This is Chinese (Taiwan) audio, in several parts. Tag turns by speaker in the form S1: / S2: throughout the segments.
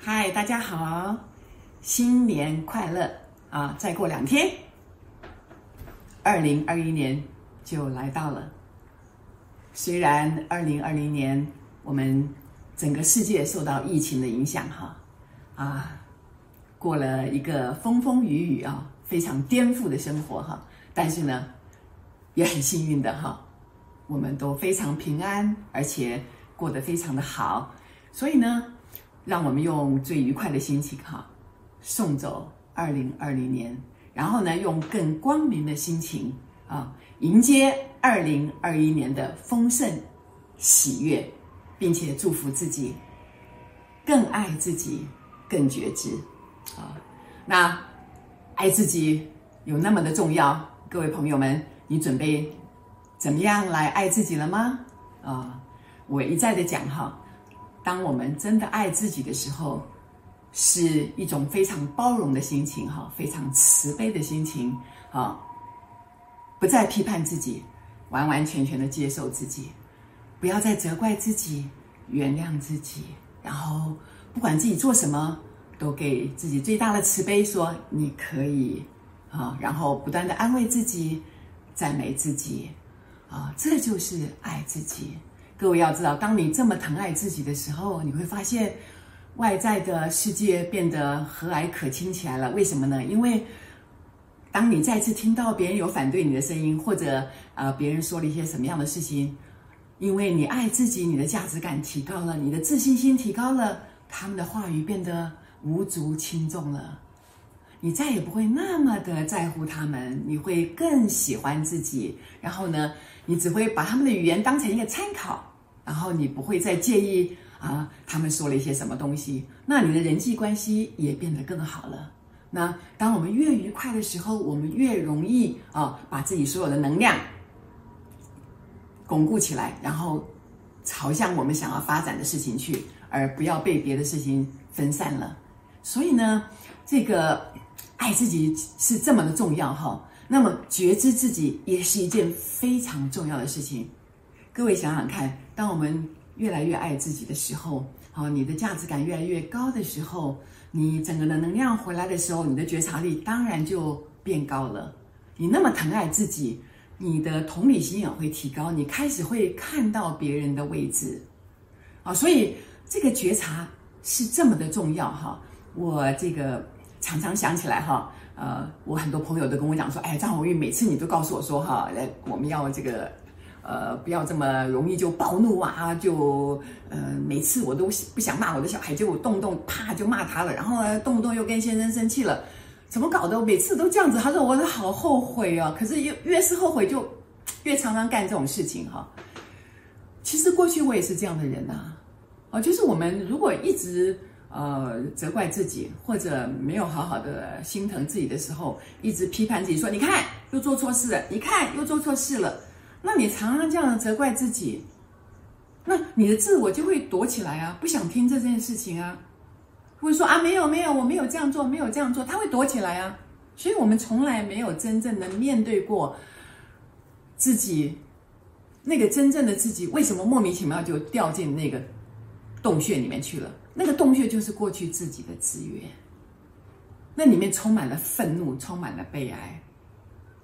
S1: 嗨，Hi, 大家好，新年快樂啊！再過兩天，二零二一年就來到了。雖然二零二零年我們整個世界受到疫情的影響哈，啊，過了一個風風雨雨啊，非常顛覆的生活哈，但是呢。也很幸運的哈，我們都非常平安，而且過得非常的好，所以呢，讓我們用最愉快的心情哈，送走2020年，然後呢，用更光明的心情啊，迎接2021年的豐盛喜悅，並且祝福自己，更愛自己，更覺知，啊，那愛自己有那麼的重要，各位朋友們。你準備怎麼樣來愛自己了嗎？啊，我一再的講哈，當我們真的愛自己的時候，是一種非常包容的心情哈，非常慈悲的心情啊，不再批判自己，完完全全的接受自己，不要再責怪自己，原諒自己，然後不管自己做什麼，都給自己最大的慈悲，說你可以啊，然後不斷的安慰自己。讚美自己，啊、哦，這就是愛自己。各位要知道，當你這麼疼愛自己的時候，你會發現，外在的世界變得和藹可親起來了。為什麼呢？因為當你再次聽到別人有反對你的聲音，或者呃別人說了一些什麼樣的事情，因為你愛自己，你的價值感提高了，你的自信心提高了，他們的話語變得無足輕重了。你再也不會那麼的在乎他們，你會更喜歡自己。然後呢，你只會把他們的語言當成一個參考，然後你不會再介意啊他們說了一些什麼東西。那你的人際關係也變得更好了。那當我們越愉快的時候，我們越容易啊把自己所有的能量鞏固起來，然後朝向我們想要發展的事情去，而不要被別的事情分散了。所以呢，這個。愛自己是這麼的重要哈，那麼覺知自己也是一件非常重要的事情。各位想想看，當我們越來越愛自己的時候，好，你的價值感越來越高的時候，你整個的能量回來的時候，你的覺察力當然就變高了。你那麼疼愛自己，你的同理心也會提高，你開始會看到別人的位置。啊，所以這個覺察是這麼的重要哈。我這個。常常想起來哈，呃，我很多朋友都跟我講說，哎，張鴻玉每次你都告訴我說哈，我們要這個，呃，不要這麼容易就暴怒啊，就，呃，每次我都不想罵我的小孩，就我動不動啪就罵他了，然後呢，動不動又跟先生生氣了，怎麼搞的？每次都這樣子，他說我都好後悔啊，可是越、越是後悔，就越常常幹這種事情哈。其實過去我也是這樣的人吶，啊，啊就是我們如果一直。呃，責怪自己或者沒有好好的心疼自己的時候，一直批判自己說，說你看又做錯事了，你看又做錯事了。那你常常這樣責怪自己，那你的自我就會躲起來啊，不想聽這件事情啊，會說啊沒有沒有，我沒有這樣做，沒有這樣做，他會躲起來啊。所以我們從來沒有真正的面對過自己，那個真正的自己為什麼莫名其妙就掉進那個洞穴裡面去了？那個洞穴就是過去自己的資源，那裡面充滿了憤怒，充滿了悲哀。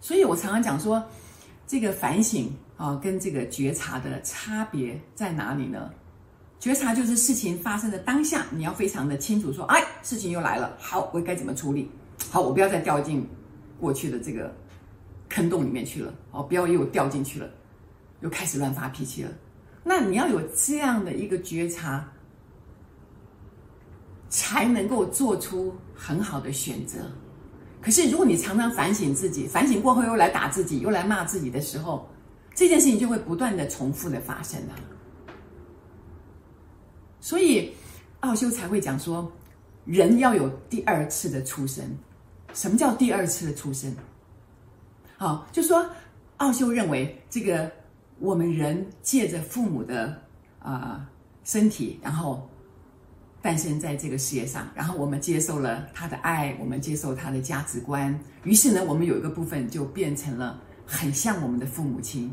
S1: 所以我常常講說，這個反省啊，哦，跟這個覺察的差別在哪裡呢？覺察就是事情發生的當下，你要非常的清楚，說，哎，事情又來了，好，我該怎麼處理？好，我不要再掉進過去的這個坑洞裡面去了，哦，不要又掉進去了，又開始亂發脾氣了。那你要有這樣的一個覺察。才能夠做出很好的選擇。可是，如果你常常反省自己，反省過後又來打自己，又來罵自己的時候，這件事情就會不斷的重復的發生了。所以，奧修才會講說，人要有第二次的出生。什麼叫第二次的出生？好，就說奧修認為，這個我們人借着父母的啊、呃、身體，然後，誕生在這個世界上，然後我們接受了他的愛，我們接受他的價值觀。於是呢，我們有一個部分就變成了很像我們的父母親。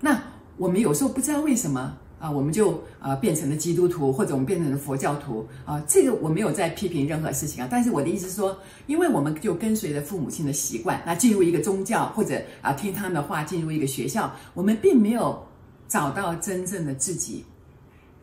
S1: 那我們有時候不知道為什麼啊，我們就啊、呃、變成了基督徒，或者我們變成了佛教徒啊。這個我沒有在批評任何事情啊，但是我的意思是說，因為我們就跟隨着父母親的習慣，那進入一個宗教或者啊聽他們的話進入一個學校，我們並沒有找到真正的自己，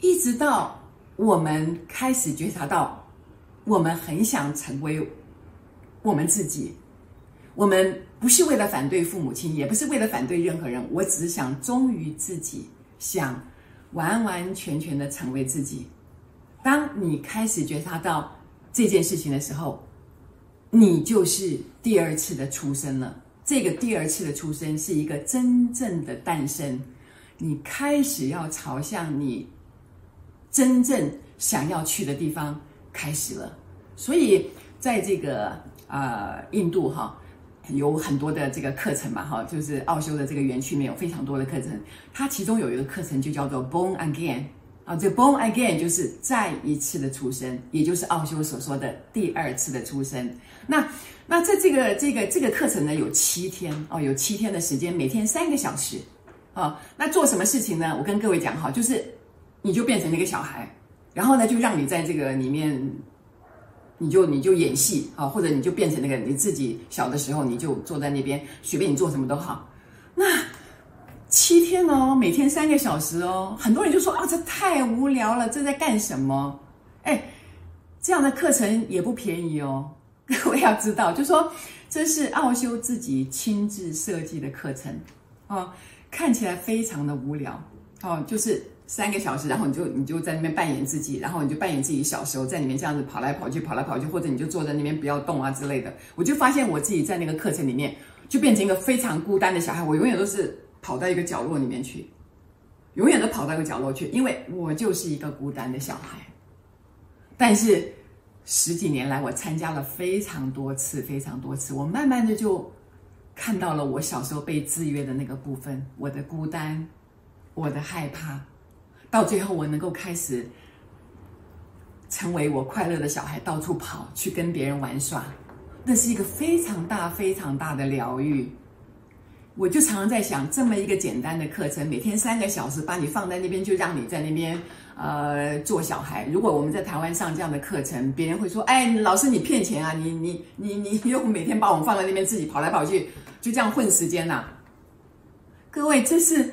S1: 一直到。我們開始覺察到，我們很想成為我們自己。我們不是為了反對父母親，也不是為了反對任何人。我只想忠於自己，想完完全全的成為自己。當你開始覺察到這件事情的時候，你就是第二次的出生了。這個第二次的出生是一個真正的誕生。你開始要朝向你，真正想要去的地方開始了，所以在這個啊、呃、印度哈、哦，有很多的這個課程嘛哈、哦，就是奧修的這個園區裡面有非常多的課程，它其中有一個課程就叫做 Born Again 啊、哦，這個、Born Again 就是再一次的出生，也就是奧修所說的第二次的出生。那那這這個這個這個課程呢，有七天哦，有七天的時間，每天三個小時啊、哦，那做什麼事情呢？我跟各位講哈、哦，就是。你就變成那個小孩，然後呢，就讓你在這個裡面，你就你就演戲啊，或者你就變成那個你自己小的時候，你就坐在那邊，隨便你做什麼都好。那七天哦，每天三個小時哦，很多人就說啊、哦，這太無聊了，這在幹什麼？哎，這樣的課程也不便宜哦，各 位要知道，就說這是奧修自己親自設計的課程啊、哦，看起來非常的無聊哦，就是。三個小時，然後你就你就在那邊扮演自己，然後你就扮演自己小時候在裡面這樣子跑來跑去、跑來跑去，或者你就坐在那邊不要動啊之類的。我就發現我自己在那個課程裡面就變成一個非常孤單的小孩，我永遠都是跑到一個角落裡面去，永遠都跑到一個角落去，因為我就是一個孤單的小孩。但是十幾年來，我參加了非常多次、非常多次，我慢慢的就看到了我小時候被制約的那個部分，我的孤單，我的害怕。到最後，我能夠開始成為我快樂的小孩，到處跑去跟別人玩耍，那是一個非常大、非常大的療癒。我就常常在想，這麼一個簡單的課程，每天三個小時，把你放在那邊，就讓你在那邊呃做小孩。如果我們在台灣上這樣的課程，別人會說：“哎，老師你騙錢啊！你你你你你又每天把我們放在那邊，自己跑來跑去，就這樣混時間吶、啊！”各位，這是。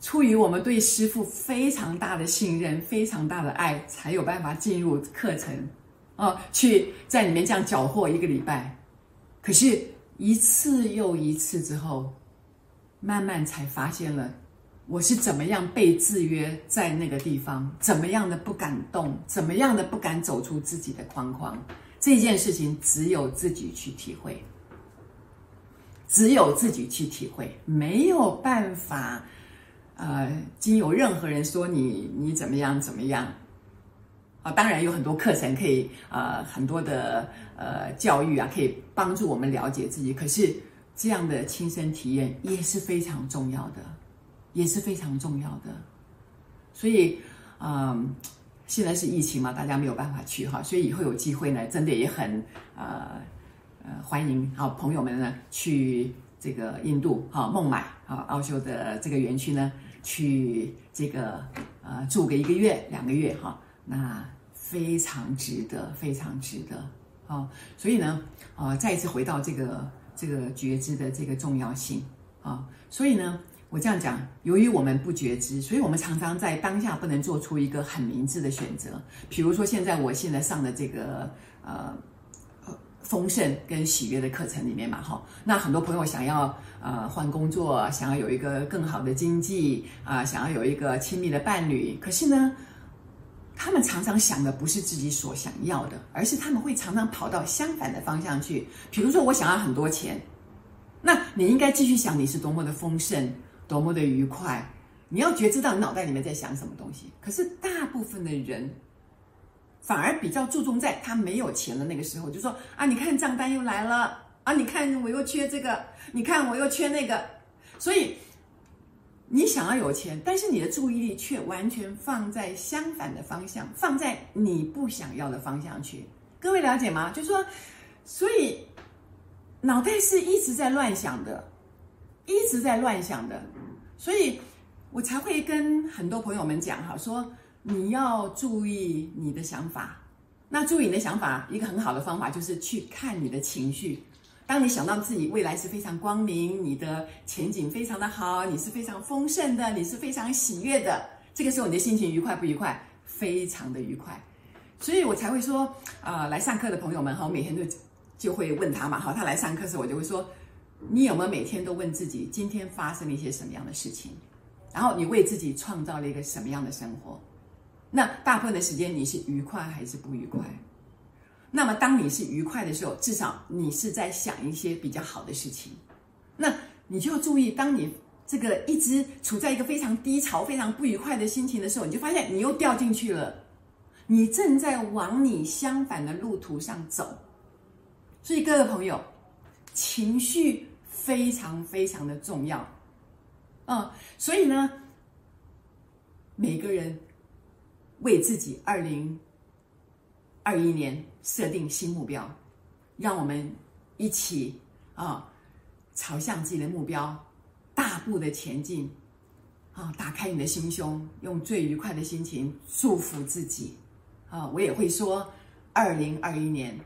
S1: 出於我們對師父非常大的信任，非常大的愛，才有辦法進入課程，啊、哦，去在裡面這樣攪和一個禮拜。可是，一次又一次之後，慢慢才發現了我是怎麼樣被制約在那個地方，怎麼樣的不敢動，怎麼樣的不敢走出自己的框框。這件事情只有自己去體會，只有自己去體會，沒有辦法。呃，經由任何人說，你你怎麼樣怎麼樣，啊，當然有很多課程可以，呃，很多的呃教育啊，可以幫助我們了解自己。可是這樣的親身體驗也是非常重要的，也是非常重要的。所以，嗯、呃，現在是疫情嘛，大家沒有辦法去哈、啊，所以以後有機會呢，真的也很、啊、呃歡迎好、啊、朋友們呢去這個印度啊孟買啊奧修的這個園區呢。去這個、呃、住個一個月兩個月哈、哦，那非常值得，非常值得啊、哦！所以呢、呃，再一次回到這個這個覺知的這個重要性啊、哦！所以呢，我這樣講，由於我們不覺知，所以我們常常在當下不能做出一個很明智的選擇。比如說現在我現在上的這個呃。豐盛跟喜悅的課程裡面嘛，哈，那很多朋友想要呃換工作，想要有一個更好的經濟啊、呃，想要有一個親密的伴侶，可是呢，他們常常想的不是自己所想要的，而是他們會常常跑到相反的方向去。比如說，我想要很多錢，那你應該繼續想你是多麼的豐盛，多麼的愉快。你要覺知到你腦袋裡面在想什麼東西。可是大部分的人。反而比較注重在他沒有錢的那個時候，就說啊，你看賬單又來了啊，你看我又缺這個，你看我又缺那個，所以你想要有錢，但是你的注意力卻完全放在相反的方向，放在你不想要的方向去。各位了解嗎？就說，所以腦袋是一直在亂想的，一直在亂想的，所以我才會跟很多朋友們講哈說。你要注意你的想法，那注意你的想法，一個很好的方法就是去看你的情緒。當你想到自己未來是非常光明，你的前景非常的好，你是非常豐盛的，你是非常喜悅的，這個時候你的心情愉快不愉快？非常的愉快，所以我才會說，啊、呃，來上課的朋友們，我每天都就會問他嘛，哈，他來上課時我就會說，你有沒有每天都問自己，今天發生了一些什麼樣的事情，然後你為自己創造了一個什麼樣的生活？那大部分的時間你是愉快還是不愉快？那麼當你是愉快的時候，至少你是在想一些比較好的事情。那你就注意，當你這個一直處在一個非常低潮、非常不愉快的心情的時候，你就發現你又掉進去了，你正在往你相反的路途上走。所以，各位朋友，情緒非常非常的重要。嗯，所以呢，每個人。為自己二零二一年設定新目標，讓我們一起啊，朝向自己的目標大步的前進，啊，打開你的心胸，用最愉快的心情祝福自己，啊，我也會說，二零二一年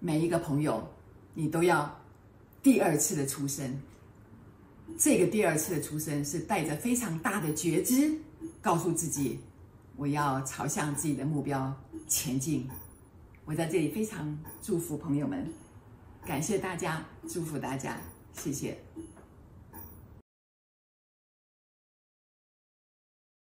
S1: 每一個朋友，你都要第二次的出生，這個第二次的出生是帶着非常大的覺知，告訴自己。我要朝向自己的目標前進。我在這裡非常祝福朋友們，感謝大家，祝福大家，謝謝。